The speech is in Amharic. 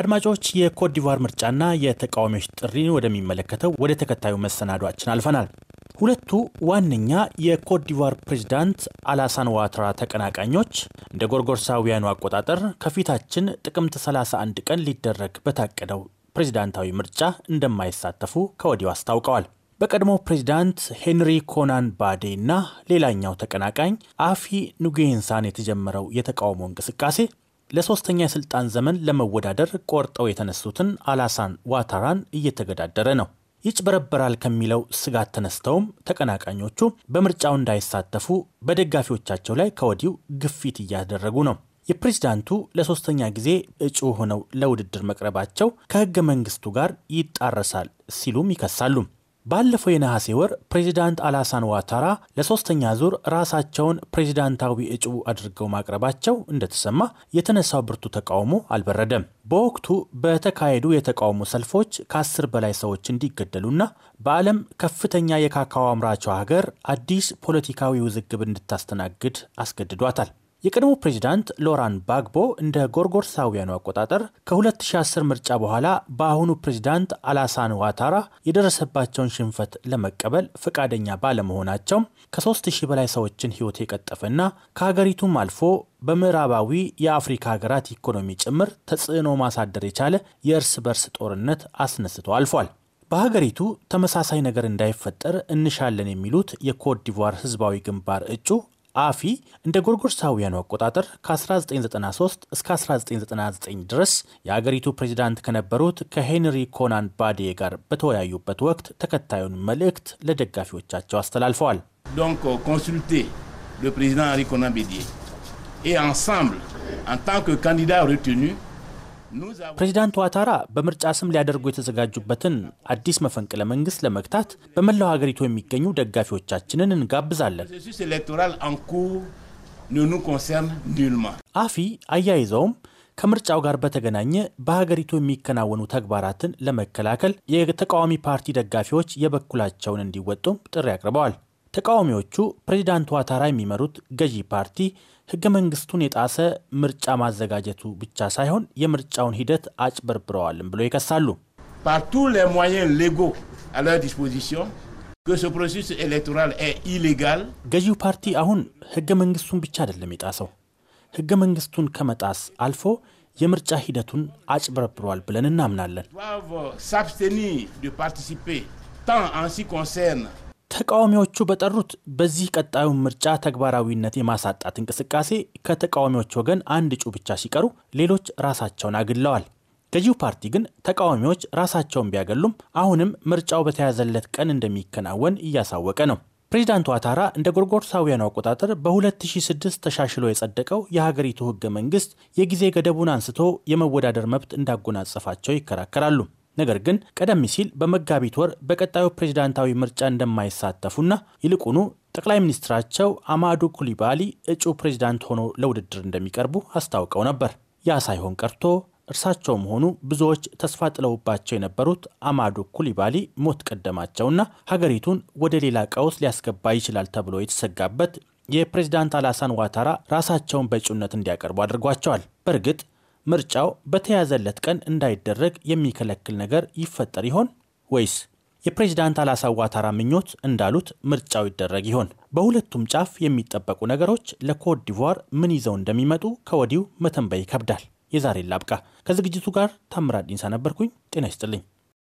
አድማጮች የኮትዲቫር ምርጫና የተቃዋሚዎች ጥሪን ወደሚመለከተው ወደ ተከታዩ መሰናዷችን አልፈናል። ሁለቱ ዋነኛ የኮትዲቫር ፕሬዚዳንት አላሳን ዋትራ ተቀናቃኞች እንደ ጎርጎርሳውያኑ አቆጣጠር ከፊታችን ጥቅምት 31 ቀን ሊደረግ በታቀደው ፕሬዚዳንታዊ ምርጫ እንደማይሳተፉ ከወዲሁ አስታውቀዋል። በቀድሞ ፕሬዚዳንት ሄንሪ ኮናን ባዴ እና ሌላኛው ተቀናቃኝ አፊ ኑጌንሳን የተጀመረው የተቃውሞ እንቅስቃሴ ለሶስተኛ የስልጣን ዘመን ለመወዳደር ቆርጠው የተነሱትን አላሳን ዋታራን እየተገዳደረ ነው። ይጭበረበራል ከሚለው ስጋት ተነስተውም ተቀናቃኞቹ በምርጫው እንዳይሳተፉ በደጋፊዎቻቸው ላይ ከወዲሁ ግፊት እያደረጉ ነው። የፕሬዝዳንቱ ለሶስተኛ ጊዜ እጩ ሆነው ለውድድር መቅረባቸው ከህገ መንግስቱ ጋር ይጣረሳል ሲሉም ይከሳሉ። ባለፈው የነሐሴ ወር ፕሬዚዳንት አላሳን ዋታራ ለሶስተኛ ዙር ራሳቸውን ፕሬዚዳንታዊ እጩ አድርገው ማቅረባቸው እንደተሰማ የተነሳው ብርቱ ተቃውሞ አልበረደም። በወቅቱ በተካሄዱ የተቃውሞ ሰልፎች ከአስር በላይ ሰዎች እንዲገደሉና በዓለም ከፍተኛ የካካዎ አምራቸው ሀገር አዲስ ፖለቲካዊ ውዝግብ እንድታስተናግድ አስገድዷታል። የቀድሞ ፕሬዚዳንት ሎራን ባግቦ እንደ ጎርጎርሳውያኑ አቆጣጠር ከ2010 ምርጫ በኋላ በአሁኑ ፕሬዚዳንት አላሳን ዋታራ የደረሰባቸውን ሽንፈት ለመቀበል ፈቃደኛ ባለመሆናቸው ከ3000 በላይ ሰዎችን ሕይወት የቀጠፈና ከሀገሪቱም አልፎ በምዕራባዊ የአፍሪካ ሀገራት ኢኮኖሚ ጭምር ተጽዕኖ ማሳደር የቻለ የእርስ በርስ ጦርነት አስነስቶ አልፏል። በሀገሪቱ ተመሳሳይ ነገር እንዳይፈጠር እንሻለን የሚሉት ዲቯር ህዝባዊ ግንባር እጩ አፊ እንደ ጎርጎርሳውያኑ አቆጣጠር ከ1993 እስከ 1999 ድረስ የአገሪቱ ፕሬዚዳንት ከነበሩት ከሄንሪ ኮናን ባዴ ጋር በተወያዩበት ወቅት ተከታዩን መልእክት ለደጋፊዎቻቸው አስተላልፈዋል። Donc euh, consulter le président Henri Conan Bédier et ፕሬዚዳንት ዋታራ በምርጫ ስም ሊያደርጉ የተዘጋጁበትን አዲስ መፈንቅለ መንግስት ለመግታት በመላው ሀገሪቱ የሚገኙ ደጋፊዎቻችንን እንጋብዛለን። አፊ አያይዘውም ከምርጫው ጋር በተገናኘ በሀገሪቱ የሚከናወኑ ተግባራትን ለመከላከል የተቃዋሚ ፓርቲ ደጋፊዎች የበኩላቸውን እንዲወጡም ጥሪ አቅርበዋል። ተቃዋሚዎቹ ፕሬዚዳንት ዋታራ የሚመሩት ገዢ ፓርቲ ህገ መንግስቱን የጣሰ ምርጫ ማዘጋጀቱ ብቻ ሳይሆን የምርጫውን ሂደት አጭበርብረዋልም ብሎ ይከሳሉ። ገዢው ፓርቲ አሁን ህገ መንግስቱን ብቻ አይደለም የጣሰው፣ ህገ መንግስቱን ከመጣስ አልፎ የምርጫ ሂደቱን አጭበረብረዋል ብለን እናምናለን። ተቃዋሚዎቹ በጠሩት በዚህ ቀጣዩን ምርጫ ተግባራዊነት የማሳጣት እንቅስቃሴ ከተቃዋሚዎች ወገን አንድ እጩ ብቻ ሲቀሩ ሌሎች ራሳቸውን አግለዋል። ገዢው ፓርቲ ግን ተቃዋሚዎች ራሳቸውን ቢያገሉም አሁንም ምርጫው በተያዘለት ቀን እንደሚከናወን እያሳወቀ ነው። ፕሬዚዳንቱ አታራ እንደ ጎርጎርሳውያኑ አቆጣጠር በ2006 ተሻሽሎ የጸደቀው የሀገሪቱ ህገ መንግስት የጊዜ ገደቡን አንስቶ የመወዳደር መብት እንዳጎናጸፋቸው ይከራከራሉ። ነገር ግን ቀደም ሲል በመጋቢት ወር በቀጣዩ ፕሬዝዳንታዊ ምርጫ እንደማይሳተፉና ይልቁኑ ጠቅላይ ሚኒስትራቸው አማዱ ኩሊባሊ እጩ ፕሬዝዳንት ሆኖ ለውድድር እንደሚቀርቡ አስታውቀው ነበር። ያ ሳይሆን ቀርቶ እርሳቸውም ሆኑ ብዙዎች ተስፋ ጥለውባቸው የነበሩት አማዱ ኩሊባሊ ሞት ቀደማቸውና ሀገሪቱን ወደ ሌላ ቀውስ ሊያስገባ ይችላል ተብሎ የተሰጋበት የፕሬዝዳንት አላሳን ዋታራ ራሳቸውን በእጩነት እንዲያቀርቡ አድርጓቸዋል። በእርግጥ ምርጫው በተያዘለት ቀን እንዳይደረግ የሚከለክል ነገር ይፈጠር ይሆን ወይስ የፕሬዚዳንት አላሳዋታራ ምኞት እንዳሉት ምርጫው ይደረግ ይሆን? በሁለቱም ጫፍ የሚጠበቁ ነገሮች ለኮት ዲቯር ምን ይዘው እንደሚመጡ ከወዲሁ መተንበይ ይከብዳል። የዛሬን ላብቃ። ከዝግጅቱ ጋር ታምራት ዲንሳ ነበርኩኝ። ጤና ይስጥልኝ።